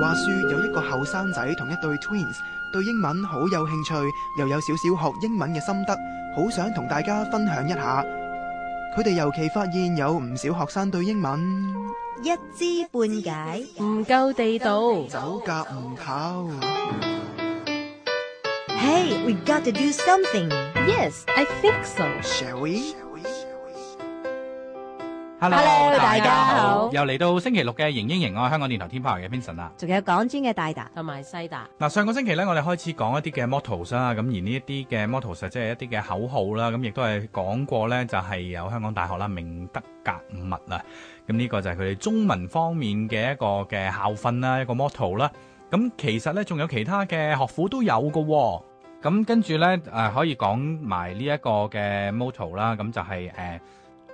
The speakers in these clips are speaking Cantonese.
話說有一個後生仔同一對 twins，對英文好有興趣，又有少少學英文嘅心得，好想同大家分享一下。佢哋尤其發現有唔少學生對英文一知半解，唔夠地道，走夾唔透。Hey, we got to do something. Yes, I think so. Shall we? Hello, hello，大家好，hello. 又嚟到星期六嘅營英營，我係香港電台 Teen Power 嘅 Vincent 仲有港專嘅大達同埋西達。嗱，上個星期咧，我哋開始講一啲嘅 motto 啦，咁而呢一啲嘅 motto 實即係一啲嘅口號啦，咁、啊、亦都係講過咧，就係、是、有香港大學啦、明德格物啊，咁、這、呢個就係佢哋中文方面嘅一個嘅校訓啦，一個 motto 啦、啊。咁其實咧，仲有其他嘅學府都有嘅。咁、啊、跟住咧，誒、啊、可以講埋呢一個嘅 motto 啦，咁、啊、就係、是、誒。啊。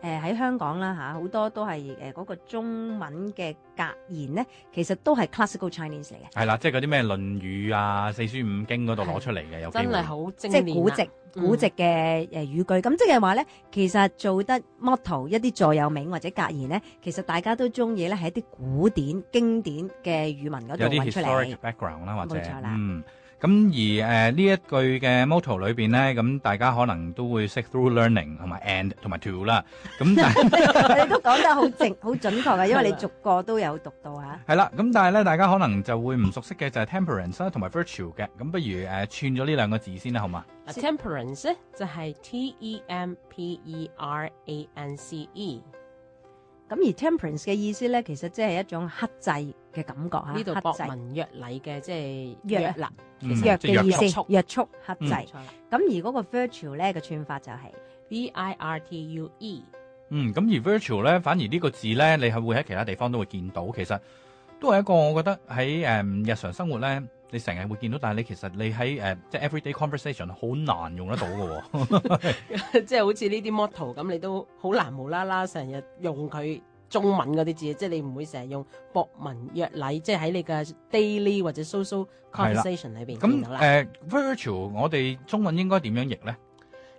誒、呃、喺香港啦好、啊、多都係嗰、呃那個中文嘅格言咧，其實都係 classical Chinese 嚟嘅。係啦，即係嗰啲咩《論語》啊、《四書五經》嗰度攞出嚟嘅有。真係好、啊、即係古籍、嗯、古籍嘅誒語句，咁即係話咧，其實做得 motto 一啲座右銘或者格言咧，其實大家都中意咧，喺啲古典經典嘅語文嗰度揾出嚟。有啲 historic background 啦，或者嗯。咁而誒呢、呃、一句嘅 motto 裏邊咧，咁大家可能都會識 through learning 同埋 and 同埋 to 啦。咁，你 都講得好正好準確嘅，因為你逐個都有讀到嚇。係啦，咁、啊、但係咧，大家可能就會唔熟悉嘅就係 temperance 同埋 virtual 嘅。咁不如誒串咗呢兩個字先啦，好嘛？Temperance 咧就係 T-E-M-P-E-R-A-N-C-E。咁而 temperance 嘅意思咧，其實即係一種克制。嘅感覺嚇，呢度博文約禮嘅即係約禮約嘅意思，約束克制。咁而嗰個 virtual 咧嘅串法就係 v i r t u e。嗯，咁而 virtual 咧，反而呢個字咧，你係會喺其他地方都會見到。其實都係一個我覺得喺誒日常生活咧，你成日會見到，但係你其實你喺誒即係 everyday conversation 好難用得到嘅喎。即係好似呢啲 motto 咁，你都好難無啦啦成日用佢。中文嗰啲字，即、就、係、是、你唔會成日用博文約禮，即係喺你嘅 daily 或者 social conversation 裏邊見到啦。咁誒、呃、virtual 我哋中文應該點樣譯咧？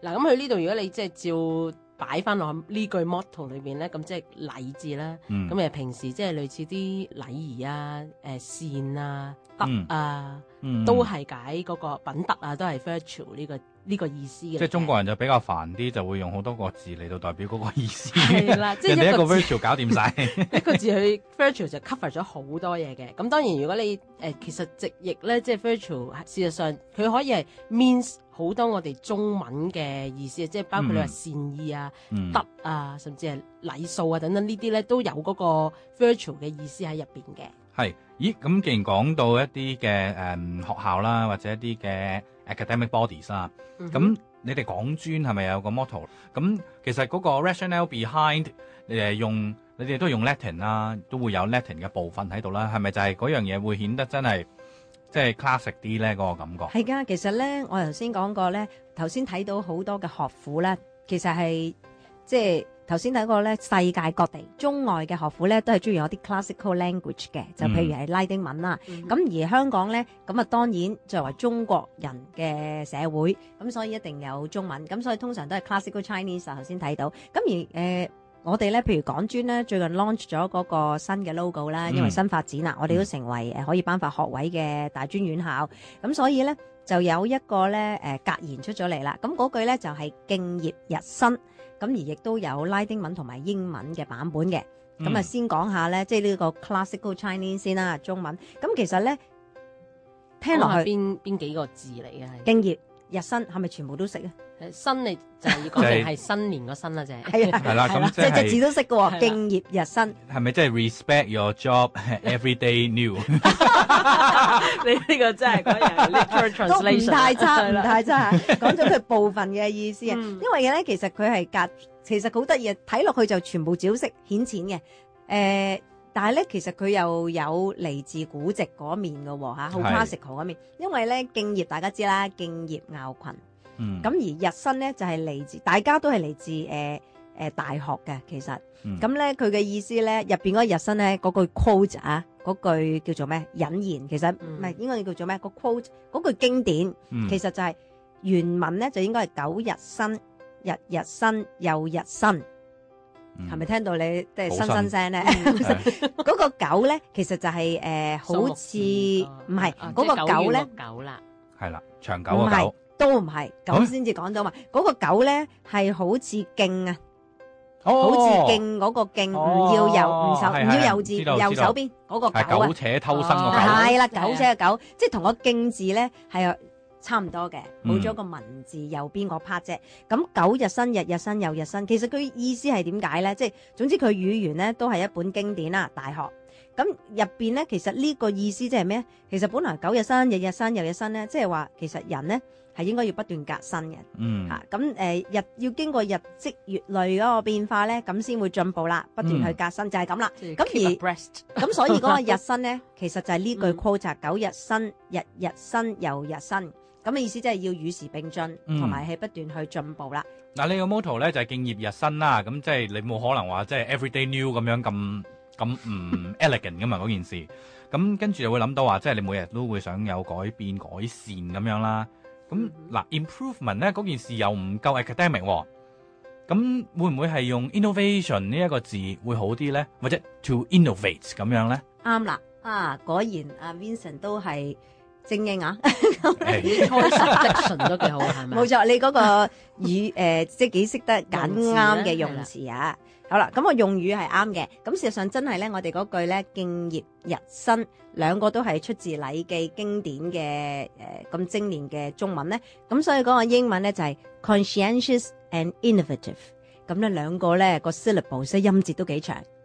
嗱，咁佢呢度如果你即係照擺翻落呢句 motto 裏邊咧，咁即係禮字啦。咁、嗯、誒，平時即係類似啲禮儀啊，誒、呃、線啊。嗯嗯、啊，都係解嗰個品德啊，都係 virtual 呢、這個呢、這個意思嘅。即係中國人就比較煩啲，就會用好多個字嚟到代表嗰個意思。係啦，即係一， 一個 virtual 搞掂晒， 一個字去 virtual 就 cover 咗好多嘢嘅。咁當然，如果你誒、呃、其實直譯咧，即係 virtual，事實上佢可以係 means 好多我哋中文嘅意思，即係包括你話善意啊、德、嗯、啊，甚至係禮數啊等等這些呢啲咧，都有嗰個 virtual 嘅意思喺入邊嘅。係，咦？咁既然講到一啲嘅、嗯、學校啦，或者一啲嘅 academic bodies 啦，咁、嗯、你哋講專係咪有個 motto？咁其實嗰個 rationale behind 你哋用，你哋都用 latin 啦，都會有 latin 嘅部分喺度啦，係咪就係嗰樣嘢會顯得真係即係 classic 啲咧？嗰、那個感覺係㗎。其實咧，我頭先講過咧，頭先睇到好多嘅學府咧，其實係即係。頭先第一個咧，世界各地中外嘅學府咧，都係中意有啲 classical language 嘅、嗯，就譬如係拉丁文啦。咁、嗯、而香港咧，咁啊當然作為中國人嘅社會，咁所以一定有中文。咁所以通常都係 classical Chinese 頭先睇到。咁而誒、呃，我哋咧，譬如港專咧，最近 launch 咗嗰個新嘅 logo 啦，因為新發展啦、嗯，我哋都成為可以頒發學位嘅大專院校。咁、嗯、所以咧，就有一個咧誒格言出咗嚟啦。咁嗰句咧就係、是、敬業日新。咁而亦都有拉丁文同埋英文嘅版本嘅。咁、嗯、啊先講下咧，即係呢個 Classical Chinese 先啦，中文。咁其實咧，聽落去邊邊幾個字嚟嘅係？敬業日新，係咪全部都識啊？新你就係要講係新年個新啦，啫係啦，隻隻字都識嘅喎，敬業日新，係咪即係 respect your job every day new？ 你呢、呢個真係講嘢係 literal translation 唔太差，唔、 啊、太差，講咗佢部分嘅意思啊、 嗯。因為嘢咧，其實佢係隔，其實好得意，睇落去就全部只好識顯淺嘅。誒、呃，但係咧，其實佢又有嚟自古籍嗰面嘅喎，好 classical 嗰面，因為咧，敬業大家知啦，敬業拗群。咁而日新咧就係嚟自，大家都係嚟自誒誒大學嘅。其實咁咧，佢嘅意思咧，入邊嗰日新咧嗰句 quote 啊，嗰句叫做咩引言？其實唔係應該叫做咩個 quote 嗰句經典，其實就係原文咧就應該係苟日新，日日新又日新。係咪聽到你即係新新聲咧？嗰個九咧其實就係誒好似唔係嗰個九咧，係啦長久嘅九。都唔係噉先至講到嘛，嗰、欸那個狗咧係好似敬啊，哦、好似敬嗰個敬，唔要右唔手唔要右字右手邊嗰、那個狗啊，苟且偷生的狗係啦，哦、苟且的狗、苟且個狗即係同個敬字咧係差唔多嘅，冇咗個文字、嗯、右邊個 part 啫。咁苟日新，日日新，又日新，其實佢意思係點解咧？即係總之佢語言咧都係一本經典啦，《大學》。咁入邊咧，其實呢個意思即係咩？其實本來苟日新，日日新，又日新咧，即係話其實人咧係應該要不斷革新嘅。嗯。吓咁誒，日要經過日積月累嗰個變化咧，咁先會進步啦，不斷去革新就係咁啦。keep abreast。咁所以嗰個日新咧，其實就係呢句 quote，苟日新，日日新，又日新。咁嘅意思即係要與時並進，同埋係不斷去進步啦。嗱，呢個 motto 咧就係敬業日新啦。咁即係你冇可能話即係 everyday new 咁樣咁。咁、嗯、唔 elegant 噶嘛嗰件事，咁跟住又會諗到話，即係你每日都會想有改變改善咁樣、mm -hmm. 啦。咁嗱，improvement 咧嗰件事又唔夠 academic 喎。咁會唔會係用 innovation 呢一個字會好啲咧，或者 to innovate 咁樣咧？啱啦，啊果然阿 Vincent 都係。精英啊，咁你開心即順都幾好，係咪？冇錯，你嗰個語誒、呃、即幾識得揀啱嘅用詞啊！好啦，咁我用語係啱嘅。咁事實上真係咧，我哋嗰句咧，敬業日新，兩個都係出自《禮記》經典嘅誒咁精煉嘅中文咧。咁所以嗰個英文咧就係、是、conscientious and innovative。咁咧兩個咧、那個 syllable 即音節都幾長。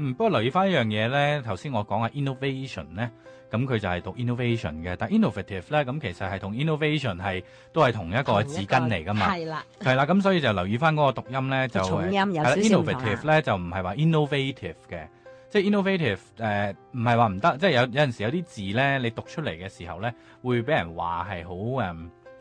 嗯，不過留意翻一樣嘢咧，頭先我講嘅 innovation 咧，咁佢就係讀 innovation 嘅，但 innovative 咧，咁其實係同 innovation 係都係同一個字根嚟噶嘛，係啦，係啦，咁所以就留意翻嗰個讀音咧，就係、啊、innovative 咧就唔係話 innovative 嘅，即 innovative 誒唔係話唔得，即有有陣時有啲字咧，你讀出嚟嘅時候咧，會俾人話係好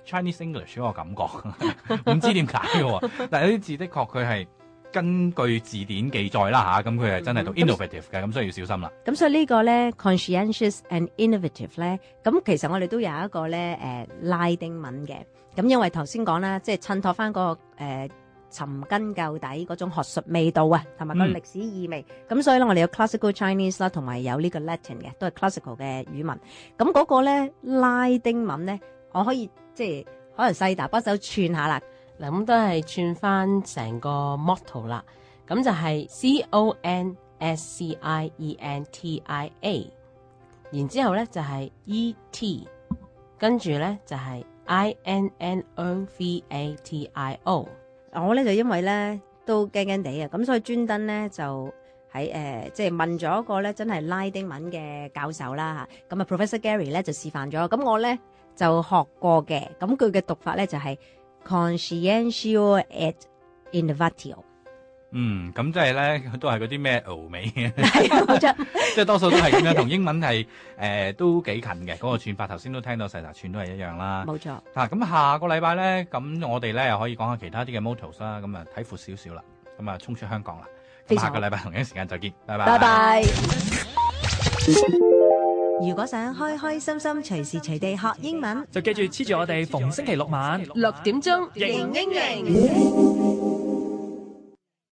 Chinese English 嗰個感覺，唔 知點解嘅， 但有啲字的確佢係。根據字典記載啦吓，咁佢係真係讀 innovative 嘅、嗯，咁、嗯、所以要小心啦。咁所以這個呢個咧 conscientious and innovative 咧，咁其實我哋都有一個咧、呃、拉丁文嘅。咁因為頭先講啦，即、就、係、是、襯托翻、那個誒尋、呃、根究底嗰種學術味道啊，同埋個歷史意味。咁、嗯、所以咧，我哋有 classical Chinese 啦，同埋有呢個 Latin 嘅，都係 classical 嘅語文。咁嗰個咧拉丁文咧，我可以即係可能細打波手串一下啦。嗱，咁都係串翻成個 motto 啦，咁就係 conscientia，然之後咧就係 et，跟住咧就係 innovatio。我咧就因為咧都驚驚地啊，咁所以專登咧就喺誒，即係問咗一個咧真係拉丁文嘅教授啦嚇，咁啊 Professor Gary 咧就示範咗，咁我咧就學過嘅，咁佢嘅讀法咧就係、是。Consciential at innovatio，嗯，咁即係咧，都係嗰啲咩歐美，即 係 多數都係咁樣，同 英文係誒、呃、都幾近嘅。嗰、那個串法頭先都聽到，成頭串都係一樣啦。冇錯，吓、啊、咁下個禮拜咧，咁我哋咧又可以講下其他啲嘅 mottos 啦。咁啊睇闊少少啦，咁啊衝出香港啦。下個禮拜同一時間再見，拜拜。拜拜。 如果想開開心心隨時隨地學英文，就記住黐住我哋逢星期六晚六點鐘迎英營。迎迎